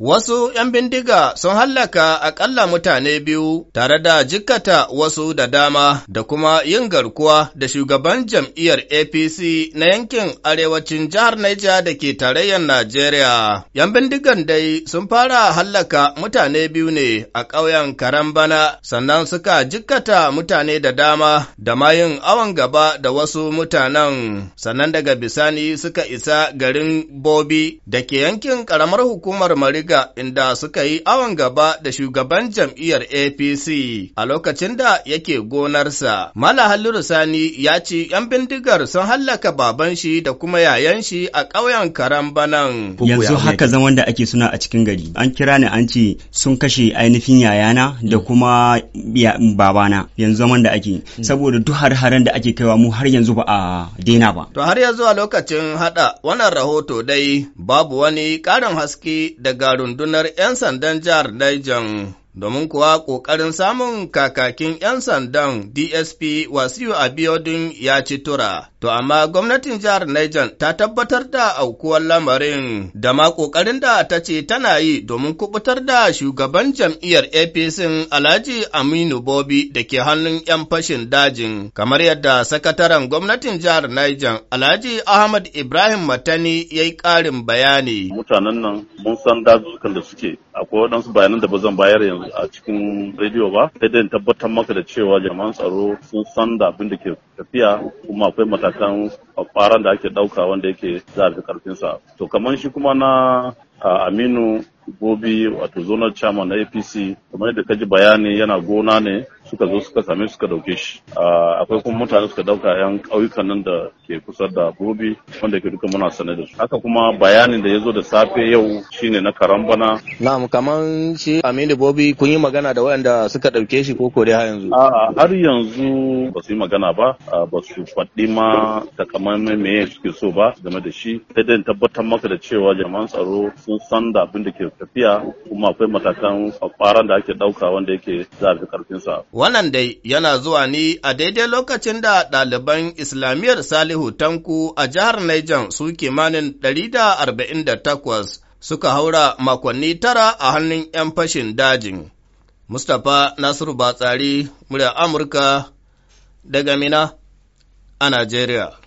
Wasu ’yan bindiga sun hallaka aƙalla mutane biyu tare da jikkata wasu da dama da kuma yin garkuwa da shugaban jam'iyyar APC na yankin arewacin jihar Naija da ke tarayyar Najeriya. ’Yan bindigan dai sun fara hallaka mutane biyu ne a ƙauyen Karambana sannan suka jikkata mutane da dama da mayin awon gaba da wasu mutanen sannan daga bisani suka isa garin Bobi da ke yankin ƙaramar hukumar Mariga. Jiga inda suka yi awon gaba da shugaban jam'iyyar APC a lokacin da yake gonarsa. Mala Halliru Sani ya ce ‘yan bindigar sun hallaka baban shi da kuma yayan shi a ƙauyen Karambanan. Yanzu haka zaman da ake suna a cikin gari. An kira ni an ce sun kashe ainihin yayana da hmm. kuma babana yanzu zaman da ake. Hmm. Saboda duk har-haren da ake kaiwa mu har yanzu ba a daina ba. To har yanzu a lokacin haɗa wannan rahoto dai babu wani ƙarin haske daga rundunar 'yan sandan jihar Daijan, domin kuwa ƙoƙarin samun kakakin 'yan sandan DSP Wasiu Abiodun ya ci tura, To amma gwamnatin jihar Niger ta tabbatar da aukuwar lamarin da ma ƙoƙarin da ta ce tana yi domin kubutar da shugaban jam'iyyar APC Alhaji Aminu Bobi da ke hannun 'yan fashin dajin, kamar yadda sakataren gwamnatin jihar Niger Alhaji Ahmad Ibrahim Matani ya yi ƙarin bayani. Mutanen nan mun san dazukan da suke akwai waɗansu bayanan da ba zan bayar yanzu a cikin rediyo ba, sai dai tabbatar maka da cewa jama'an tsaro sun san da abin da ke tafiya kuma akwai matakan kwaran da ake ɗauka wanda yake za a fi To kamar shi kuma na Aminu Gobi wato zonal chairman na APC kamar yadda ka ji bayani yana gona ne suka zo suka same suka dauke shi akwai kuma mutane suka dauka yan ƙauyukan nan da ke kusa da bobi wanda ke duka muna sane da su haka kuma bayanin da ya zo da safe yau shine na karambana na'am kaman shi aminu bobi kun yi magana da waɗanda suka dauke shi ko dai har yanzu a'a har yanzu ba su yi magana ba ba su faɗi ma takamaiman meye suke so ba game da shi sai dai tabbatar maka da cewa jama'an tsaro sun san da abin da ke tafiya kuma akwai matakan kwaran da ake ɗauka wanda yake za a fi karfin sa Wannan dai yana zuwa ni a daidai lokacin da ɗaliban Islamiyyar Salihu Tanku a jihar Niger su kimanin 148 suka haura makonni tara a hannun ‘yan fashin dajin. Mustapha Nasiru Batsari, murya Amurka, daga Mina a Najeriya.